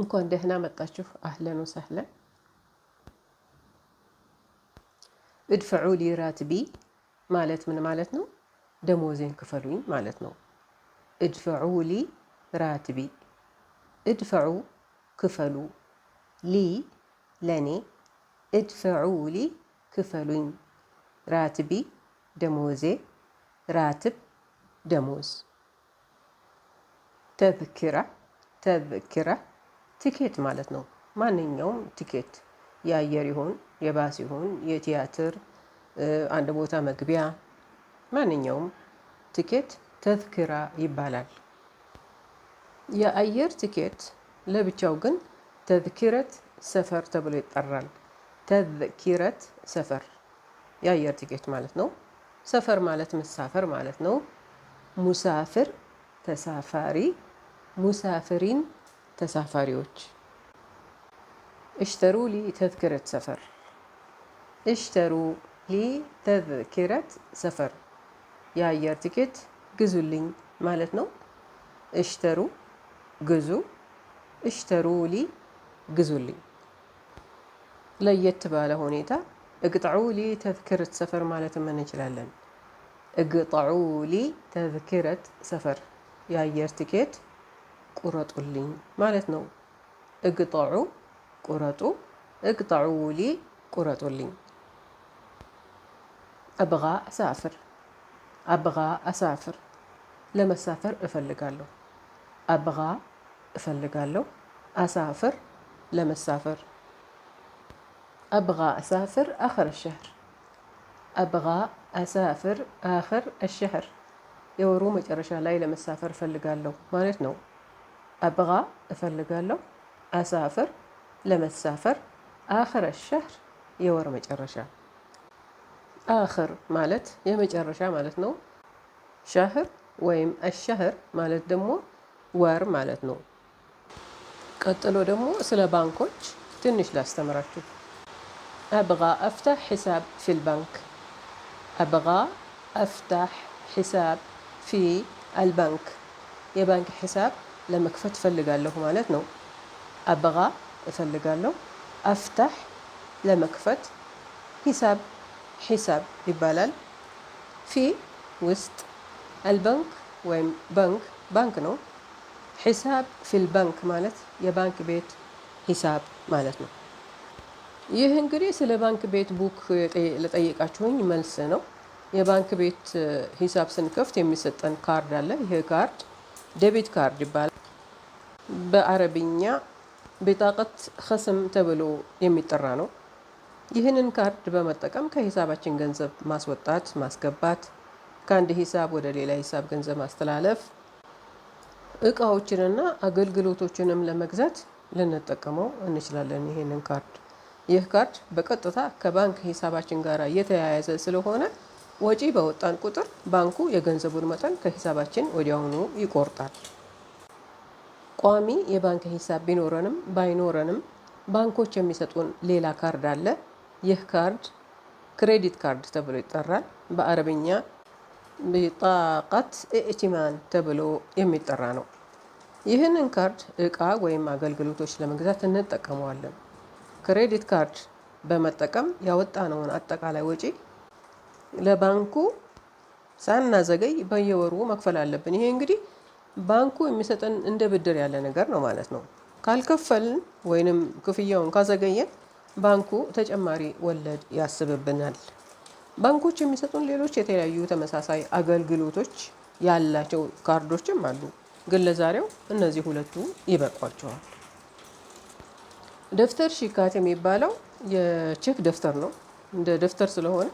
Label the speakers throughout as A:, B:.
A: እንኳን ደህና መጣችሁ። አህለን ወሰህለን። እድፈዑ ሊ ራትቢ ማለት ምን ማለት ነው? ደሞዜን ክፈሉኝ ማለት ነው። እድፈዑ ሊ ራትቢ። እድፈዑ ክፈሉ፣ ሊ ለኔ፣ እድፈዑ ሊ ክፈሉኝ፣ ራትቢ ደሞዜ፣ ራትብ ደሞዝ። ተብኪራ ተብኪራ ቲኬት ማለት ነው። ማንኛውም ቲኬት የአየር ይሁን የባስ ይሁን የቲያትር አንድ ቦታ መግቢያ ማንኛውም ቲኬት ተዝክራ ይባላል። የአየር ቲኬት ለብቻው ግን ተዝኪረት ሰፈር ተብሎ ይጠራል። ተዝኪረት ሰፈር የአየር ቲኬት ማለት ነው። ሰፈር ማለት መሳፈር ማለት ነው። ሙሳፍር ተሳፋሪ፣ ሙሳፍሪን ተሳፋሪዎች እሽተሩ ሊ ተዝክረት ሰፈር እሽተሩ ሊ ተዝክረት ሰፈር የአየር ትኬት ግዙልኝ ማለት ነው። እሽተሩ ግዙ፣ እሽተሩ ሊ ግዙልኝ። ለየት ባለ ሁኔታ እቅጥዑ ሊ ተዝክረት ሰፈር ማለትም እንችላለን። እቅጥዑ ሊ ተዝክረት ሰፈር የአየር ትኬት ቁረጡልኝ ማለት ነው። እግጠዑ ቁረጡ፣ እግጠዑ ሊ ቁረጡልኝ። አብጋ አሳፍር፣ አብጋ አሳፍር፣ ለመሳፈር እፈልጋለሁ። አብጋ እፈልጋለሁ፣ አሳፍር ለመሳፈር። አብጋ አሳፍር አኸር አሸህር፣ አብጋ አሳፍር አኸር አሸህር፣ የወሩ መጨረሻ ላይ ለመሳፈር እፈልጋለሁ ማለት ነው። أبغى أفلق له أسافر لمسافر آخر الشهر يور مجرشة آخر مالت يمجرشة مالت نو شهر ويم الشهر مالت دمو ور مالت نو قطلو دمو سلا بانكوج تنش لا استمرتو أبغى أفتح حساب في البنك أبغى أفتح حساب في البنك يا بنك حساب ለመክፈት እፈልጋለሁ ማለት ነው። አበቃ እፈልጋለሁ፣ አፍታህ ለመክፈት፣ ሂሳብ ሂሳብ ይባላል። ፊ ውስጥ፣ አልባንክ ወይም ባንክ ባንክ ነው። ሂሳብ ፊል ባንክ ማለት የባንክ ቤት ሂሳብ ማለት ነው። ይህ እንግዲህ ስለ ባንክ ቤት ቡክ ለጠየቃችሁኝ መልስ ነው። የባንክ ቤት ሂሳብ ስንከፍት የሚሰጠን ካርድ አለ። ይህ ካርድ ዴቢት ካርድ ይባላል። በአረብኛ ቤጣቀት ከስም ተብሎ የሚጠራ ነው። ይህንን ካርድ በመጠቀም ከሂሳባችን ገንዘብ ማስወጣት፣ ማስገባት፣ ከአንድ ሂሳብ ወደ ሌላ ሂሳብ ገንዘብ ማስተላለፍ፣ እቃዎችንና አገልግሎቶችንም ለመግዛት ልንጠቀመው እንችላለን። ይህንን ካርድ ይህ ካርድ በቀጥታ ከባንክ ሂሳባችን ጋር የተያያዘ ስለሆነ ወጪ በወጣን ቁጥር ባንኩ የገንዘቡን መጠን ከሂሳባችን ወዲያውኑ ይቆርጣል። ቋሚ የባንክ ሂሳብ ቢኖረንም ባይኖረንም ባንኮች የሚሰጡን ሌላ ካርድ አለ። ይህ ካርድ ክሬዲት ካርድ ተብሎ ይጠራል። በአረብኛ ቢጣቀት ኢእቲማን ተብሎ የሚጠራ ነው። ይህንን ካርድ እቃ ወይም አገልግሎቶች ለመግዛት እንጠቀመዋለን። ክሬዲት ካርድ በመጠቀም ያወጣነውን አጠቃላይ ወጪ ለባንኩ ሳናዘገይ በየወሩ መክፈል አለብን። ይሄ እንግዲህ ባንኩ የሚሰጠን እንደ ብድር ያለ ነገር ነው ማለት ነው። ካልከፈልን ወይንም ክፍያውን ካዘገየን ባንኩ ተጨማሪ ወለድ ያስብብናል። ባንኮች የሚሰጡን ሌሎች የተለያዩ ተመሳሳይ አገልግሎቶች ያላቸው ካርዶችም አሉ፣ ግን ለዛሬው እነዚህ ሁለቱ ይበቋቸዋል። ደፍተር ሺካት የሚባለው የቼክ ደፍተር ነው። እንደ ደፍተር ስለሆነ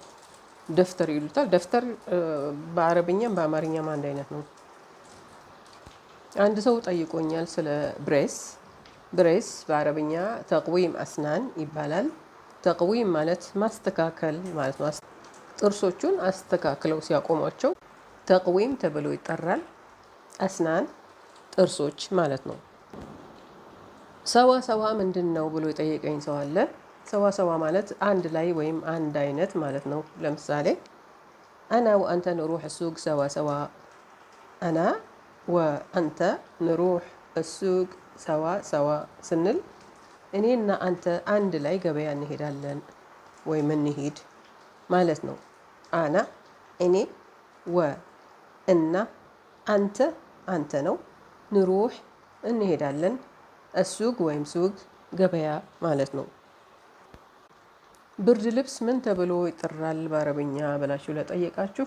A: ደፍተር ይሉታል። ደፍተር በአረብኛም በአማርኛም አንድ አይነት ነው። አንድ ሰው ጠይቆኛል ስለ ብሬስ። ብሬስ በአረብኛ ተቅዊም አስናን ይባላል። ተቅዊም ማለት ማስተካከል ማለት ነው። ጥርሶቹን አስተካክለው ሲያቆሟቸው ተቅዊም ተብሎ ይጠራል። አስናን ጥርሶች ማለት ነው። ሰዋ ሰዋ ምንድን ነው ብሎ የጠየቀኝ ሰው አለ። ሰዋ ሰዋ ማለት አንድ ላይ ወይም አንድ አይነት ማለት ነው። ለምሳሌ አና ወአንተ ንሩሕ ሱግ ሰዋ ሰዋ አና ወአንተ ንሩህ እሱቅ ሰዋ ሰዋ ስንል እኔ እና አንተ አንድ ላይ ገበያ እንሄዳለን ወይም እንሂድ ማለት ነው። አና እኔ፣ ወ እና፣ አንተ አንተ ነው፣ ንሩህ እንሄዳለን፣ እሱግ ወይም ሱቅ ገበያ ማለት ነው። ብርድ ልብስ ምን ተብሎ ይጠራል በአረብኛ ብላችሁ ለጠየቃችሁ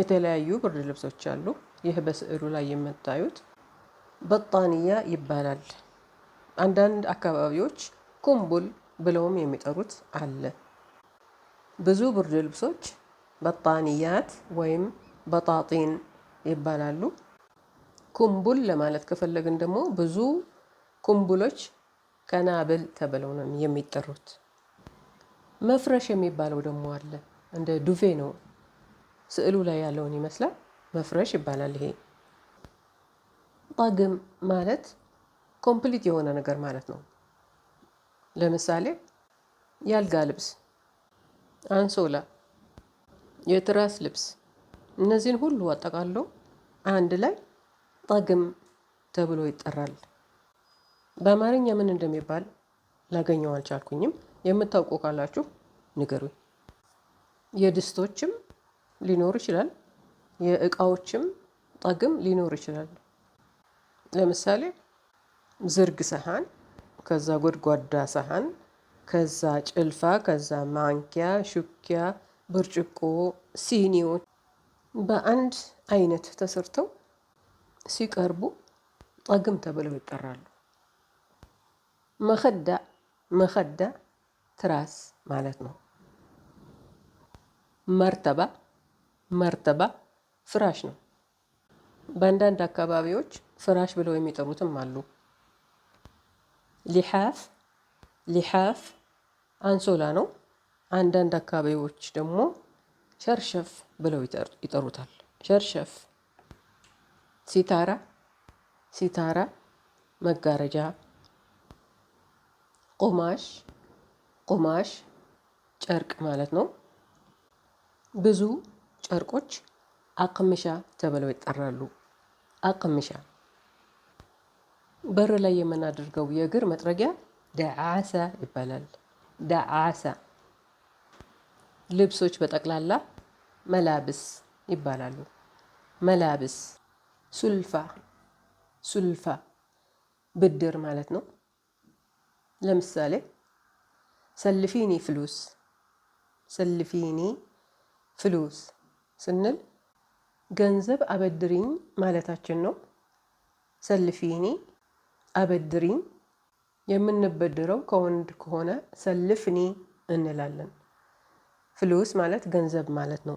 A: የተለያዩ ብርድ ልብሶች አሉ። ይህ በስዕሉ ላይ የምታዩት በጣንያ ይባላል። አንዳንድ አካባቢዎች ኩምቡል ብለውም የሚጠሩት አለ። ብዙ ብርድ ልብሶች በጣንያት ወይም በጣጢን ይባላሉ። ኩምቡል ለማለት ከፈለግን ደግሞ ብዙ ኩምቡሎች ከናብል ተብለው ነው የሚጠሩት። መፍረሽ የሚባለው ደግሞ አለ። እንደ ዱቬ ነው። ስዕሉ ላይ ያለውን ይመስላል። መፍረሽ ይባላል። ይሄ ጠግም ማለት ኮምፕሊት የሆነ ነገር ማለት ነው። ለምሳሌ የአልጋ ልብስ፣ አንሶላ፣ የትራስ ልብስ እነዚህን ሁሉ አጠቃሎ አንድ ላይ ጠግም ተብሎ ይጠራል። በአማርኛ ምን እንደሚባል ላገኘው አልቻልኩኝም። የምታውቁ ካላችሁ ንገሩኝ። የድስቶችም ሊኖር ይችላል። የእቃዎችም ጠግም ሊኖር ይችላል። ለምሳሌ ዝርግ ሰሃን ከዛ ጎድጓዳ ሰሃን ከዛ ጭልፋ ከዛ ማንኪያ ሹኪያ ብርጭቆ ሲኒዎች በአንድ አይነት ተሰርተው ሲቀርቡ ጠግም ተብለው ይጠራሉ። መኸዳ መኸዳ ትራስ ማለት ነው። መርተባ መርተባ ፍራሽ ነው። በአንዳንድ አካባቢዎች ፍራሽ ብለው የሚጠሩትም አሉ። ሊሓፍ ሊሓፍ አንሶላ ነው። አንዳንድ አካባቢዎች ደግሞ ሸርሸፍ ብለው ይጠሩታል። ሸርሸፍ ሲታራ ሲታራ መጋረጃ ቁማሽ ቁማሽ ጨርቅ ማለት ነው። ብዙ ጨርቆች አቅምሻ ተብለው ይጠራሉ። አቅምሻ በር ላይ የምናደርገው የእግር መጥረጊያ ደዓሳ ይባላል። ደዓሳ ልብሶች በጠቅላላ መላብስ ይባላሉ። መላብስ ሱልፋ ሱልፋ ብድር ማለት ነው። ለምሳሌ ሰልፊኒ ፍሉስ ሰልፊኒ ፍሉስ ስንል ገንዘብ አበድሪኝ ማለታችን ነው። ሰልፊኒ አበድሪኝ። የምንበድረው ከወንድ ከሆነ ሰልፍኒ እንላለን። ፍሉስ ማለት ገንዘብ ማለት ነው።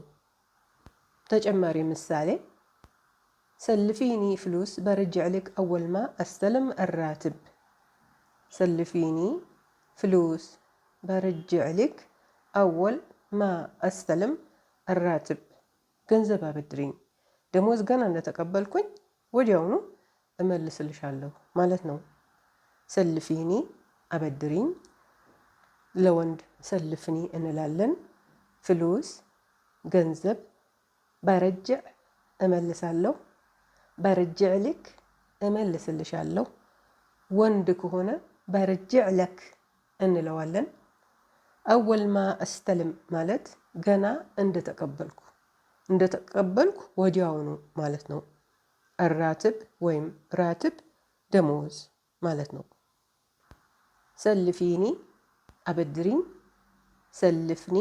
A: ተጨማሪ ምሳሌ ሰልፊኒ ፍሉስ በርጅዕ ልክ አወልማ አስተልም እራትብ። ሰልፊኒ ፍሉስ በርጅዕ ልክ አወል ማ አስተልም እራትብ ገንዘብ አበድሪኝ። ደሞዝ ገና እንደተቀበልኩኝ ወዲያውኑ እመልስልሻለሁ ማለት ነው። ሰልፊኒ አበድሪኝ፣ ለወንድ ሰልፍኒ እንላለን። ፍሉስ ገንዘብ፣ በረጅዕ እመልሳለሁ፣ በረጅዕ ልክ እመልስልሻለሁ። ወንድ ከሆነ በረጅዕ ለክ እንለዋለን። አወል ማ አስተልም ማለት ገና እንደተቀበልኩ እንደተቀበልኩ ወዲያውኑ ማለት ነው። እራትብ ወይም ራትብ ደሞዝ ማለት ነው። ሰልፊኒ አበድሪኝ፣ ሰልፍኒ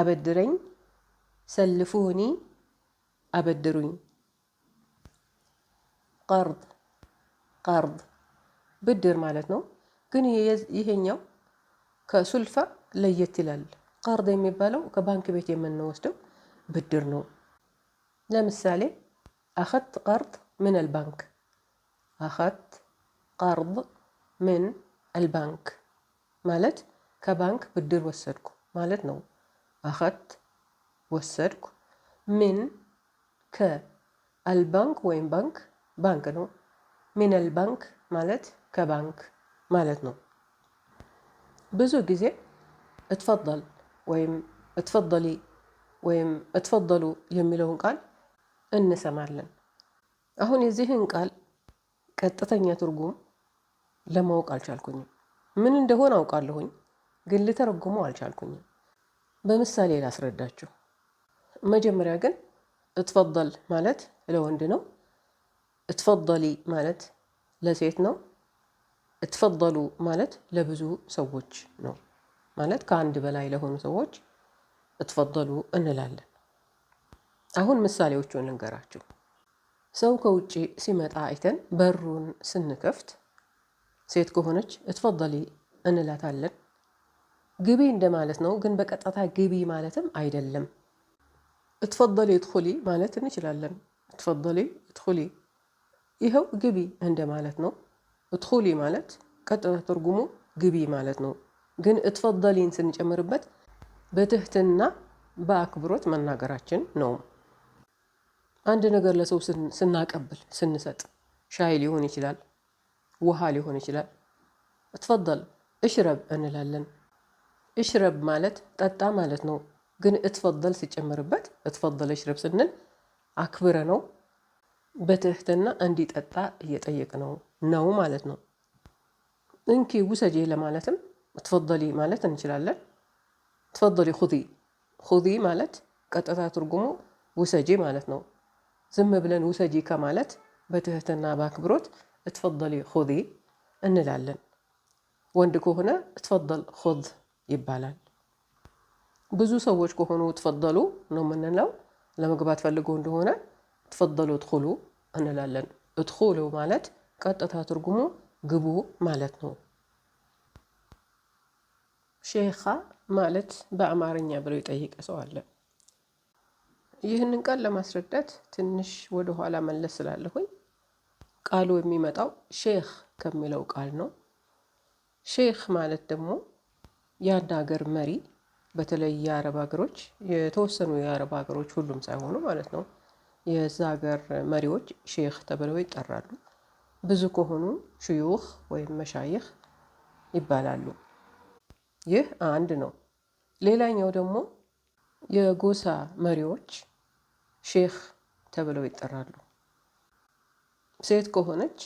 A: አበድረኝ፣ ሰልፉኒ አበድሩኝ። ቀርድ ቀርድ ብድር ማለት ነው። ግን ይሄኛው ከሱልፋ ለየት ይላል። ቀርድ የሚባለው ከባንክ ቤት የምንወስደው بالدرنو لمثالي أخذت قرض من البنك أخذت قرض من البنك مالت كبنك بدر وسرك مالت نو أخذت وسرك من ك البنك وين بنك بنك نو من البنك مالت كبنك مالت نو بزو جزي اتفضل وين اتفضلي ወይም እትፈደሉ የሚለውን ቃል እንሰማለን። አሁን የዚህን ቃል ቀጥተኛ ትርጉም ለማወቅ አልቻልኩኝም። ምን እንደሆነ አውቃለሁኝ፣ ግን ልተረጉመው አልቻልኩኝም። በምሳሌ ላስረዳችሁ። መጀመሪያ ግን እትፈደል ማለት ለወንድ ነው። እትፈደሊ ማለት ለሴት ነው። እትፈደሉ ማለት ለብዙ ሰዎች ነው፣ ማለት ከአንድ በላይ ለሆኑ ሰዎች እትፈደሉ እንላለን። አሁን ምሳሌዎቹን ልንገራችሁ። ሰው ከውጭ ሲመጣ አይተን በሩን ስንከፍት ሴት ከሆነች እትፈደሊ እንላታለን። ግቢ እንደማለት ነው፣ ግን በቀጥታ ግቢ ማለትም አይደለም። እትፈደሊ እድኹሊ ማለት እንችላለን። እትፈደሊ እድኹሊ፣ ይኸው ግቢ እንደማለት ነው። እድኹሊ ማለት ቀጥታ ትርጉሙ ግቢ ማለት ነው፣ ግን እትፈደሊን ስንጨምርበት በትህትና በአክብሮት መናገራችን ነው። አንድ ነገር ለሰው ስናቀብል ስንሰጥ፣ ሻይ ሊሆን ይችላል፣ ውሃ ሊሆን ይችላል። እትፈደል እሽረብ እንላለን። እሽረብ ማለት ጠጣ ማለት ነው። ግን እትፈደል ሲጨምርበት እትፈደል እሽረብ ስንል አክብረ ነው በትህትና እንዲጠጣ እየጠየቅ ነው ነው ማለት ነው። እንኪ ውሰጄ ለማለትም እትፈደሊ ማለት እንችላለን። ተፈዶሊ ሁዚ ሁዚ ማለት ቀጥታ ትርጉሙ ውሰጂ ማለት ነው። ዝም ብለን ውሰጂ ከማለት በትህትና በአክብሮት እትፈደሊ ሁዚ እንላለን። ወንድ ከሆነ እትፈደል ሁዝ ይባላል። ብዙ ሰዎች ከሆኑ ትፈደሉ ነው የምንለው። ለመግባት ፈልጎ እንደሆነ ትፈደሉ እድኹሉ እንላለን። እድኹሉ ማለት ቀጥታ ትርጉሙ ግቡ ማለት ነው። ሼኻ ማለት በአማርኛ ብለው የጠየቀ ሰው አለ። ይህንን ቃል ለማስረዳት ትንሽ ወደ ኋላ መለስ ስላለሁኝ ቃሉ የሚመጣው ሼህ ከሚለው ቃል ነው። ሼህ ማለት ደግሞ የአንድ ሀገር መሪ፣ በተለይ የአረብ ሀገሮች የተወሰኑ የአረብ ሀገሮች ሁሉም ሳይሆኑ ማለት ነው። የዛ ሀገር መሪዎች ሼህ ተብለው ይጠራሉ። ብዙ ከሆኑ ሽዩህ ወይም መሻይኽ ይባላሉ። ይህ አንድ ነው። ሌላኛው ደግሞ የጎሳ መሪዎች ሼክ ተብለው ይጠራሉ። ሴት ከሆነች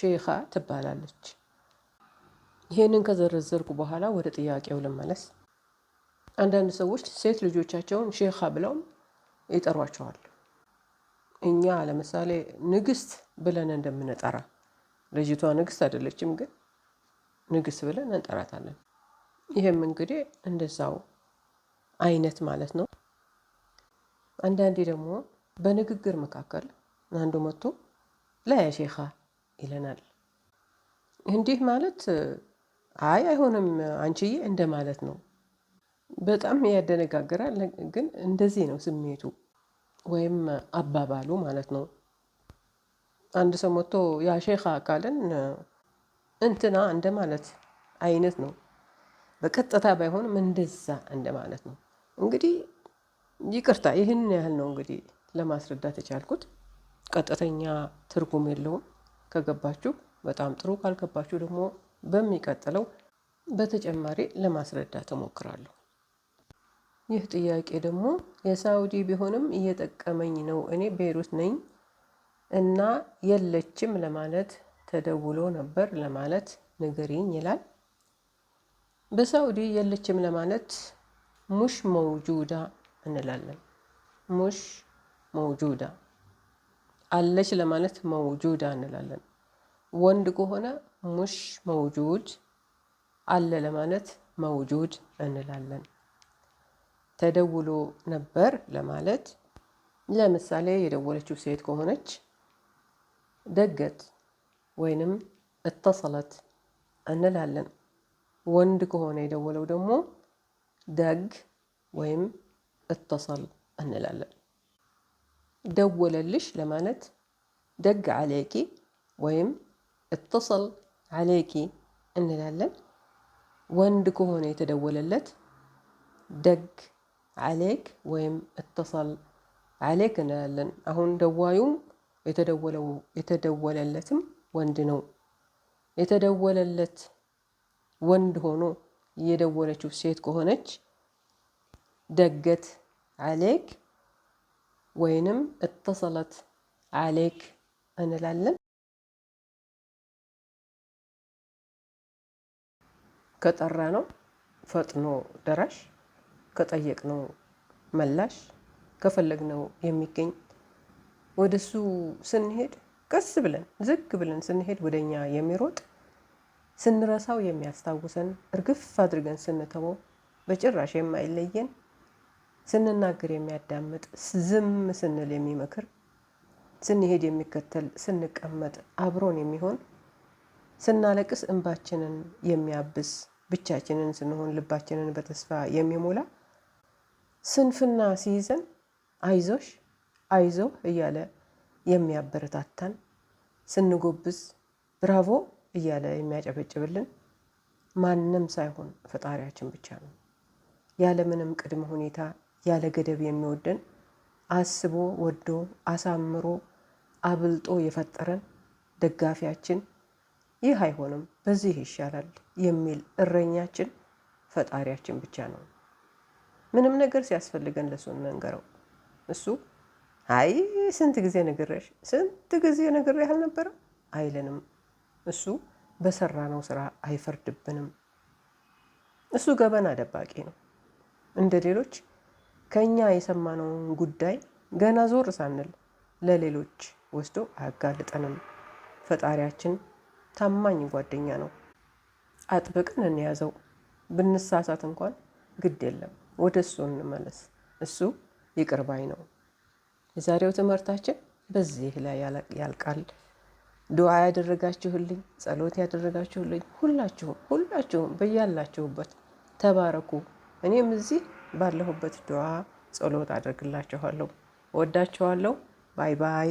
A: ሼኻ ትባላለች። ይህንን ከዘረዘርኩ በኋላ ወደ ጥያቄው ልመለስ። አንዳንድ ሰዎች ሴት ልጆቻቸውን ሼኻ ብለውም ይጠሯቸዋል። እኛ ለምሳሌ ንግስት ብለን እንደምንጠራ ልጅቷ ንግስት አይደለችም፣ ግን ንግስት ብለን እንጠራታለን። ይህም እንግዲህ እንደዛው አይነት ማለት ነው። አንዳንዴ ደግሞ በንግግር መካከል አንዱ መጥቶ ላያ ሼኻ ይለናል። እንዲህ ማለት አይ አይሆንም አንቺዬ እንደ ማለት ነው። በጣም ያደነጋግራል፣ ግን እንደዚህ ነው ስሜቱ ወይም አባባሉ ማለት ነው። አንድ ሰው መጥቶ ያ ሼኻ ካለን እንትና እንደ ማለት አይነት ነው። በቀጥታ ባይሆንም እንደዛ እንደማለት ነው። እንግዲህ ይቅርታ ይህን ያህል ነው እንግዲህ ለማስረዳት የቻልኩት። ቀጥተኛ ትርጉም የለውም። ከገባችሁ በጣም ጥሩ፣ ካልገባችሁ ደግሞ በሚቀጥለው በተጨማሪ ለማስረዳት እሞክራለሁ። ይህ ጥያቄ ደግሞ የሳውዲ ቢሆንም እየጠቀመኝ ነው፣ እኔ ቤይሩት ነኝ እና የለችም ለማለት ተደውሎ ነበር ለማለት ንገሪኝ ይላል። በሳውዲ የለችም ለማለት ሙሽ መውጁዳ እንላለን። ሙሽ መውጁዳ አለች ለማለት መውጁዳ እንላለን። ወንድ ከሆነ ሙሽ መውጁድ፣ አለ ለማለት መውጁድ እንላለን። ተደውሎ ነበር ለማለት ለምሳሌ የደወለችው ሴት ከሆነች ደገት ወይንም እተሰለት እንላለን። ወንድ ከሆነ የደወለው ደግሞ ደግ ወይም እተሰል እንላለን። ደወለልሽ ለማለት ደግ አለይኪ ወይም እተሰል አለይኪ እንላለን። ወንድ ከሆነ የተደወለለት ደግ አሌክ ወይም እተሰል አሌክ እንላለን። አሁን ደዋዩም የተደወለለትም ወንድ ነው። የተደወለለት ወንድ ሆኖ የደወለችው ሴት ከሆነች ደገት አሌክ ወይንም እተሰለት አሌክ እንላለን። ከጠራ ነው ፈጥኖ ደራሽ፣ ከጠየቅ ነው መላሽ፣ ከፈለግነው የሚገኝ ወደሱ ስንሄድ ቀስ ብለን ዝግ ብለን ስንሄድ ወደኛ የሚሮጥ ስንረሳው የሚያስታውሰን እርግፍ አድርገን ስንተወው በጭራሽ የማይለየን ስንናገር የሚያዳምጥ ዝም ስንል የሚመክር ስንሄድ የሚከተል ስንቀመጥ አብሮን የሚሆን ስናለቅስ እንባችንን የሚያብስ ብቻችንን ስንሆን ልባችንን በተስፋ የሚሞላ ስንፍና ሲይዘን አይዞሽ አይዞህ እያለ የሚያበረታታን ስንጎብዝ ብራቮ እያለ የሚያጨበጭብልን ማንም ሳይሆን ፈጣሪያችን ብቻ ነው። ያለምንም ቅድመ ሁኔታ ያለ ገደብ የሚወደን አስቦ ወዶ አሳምሮ አብልጦ የፈጠረን ደጋፊያችን ይህ አይሆንም፣ በዚህ ይሻላል የሚል እረኛችን ፈጣሪያችን ብቻ ነው። ምንም ነገር ሲያስፈልገን ለሱ እንንገረው። እሱ አይ ስንት ጊዜ ነግሬሽ፣ ስንት ጊዜ ነግሬህ አልነበረ አይለንም። እሱ በሰራነው ስራ አይፈርድብንም። እሱ ገበና ደባቂ ነው። እንደ ሌሎች ከእኛ የሰማነውን ጉዳይ ገና ዞር ሳንል ለሌሎች ወስዶ አያጋልጠንም። ፈጣሪያችን ታማኝ ጓደኛ ነው። አጥብቅን እንያዘው። ብንሳሳት እንኳን ግድ የለም፣ ወደ እሱ እንመለስ። እሱ ይቅርባይ ነው። የዛሬው ትምህርታችን በዚህ ላይ ያልቃል። ዱዓ ያደረጋችሁልኝ፣ ጸሎት ያደረጋችሁልኝ ሁላችሁም ሁላችሁም በያላችሁበት ተባረኩ። እኔም እዚህ ባለሁበት ዱዓ ጸሎት አደርግላችኋለሁ። ወዳችኋለሁ። ባይ ባይ።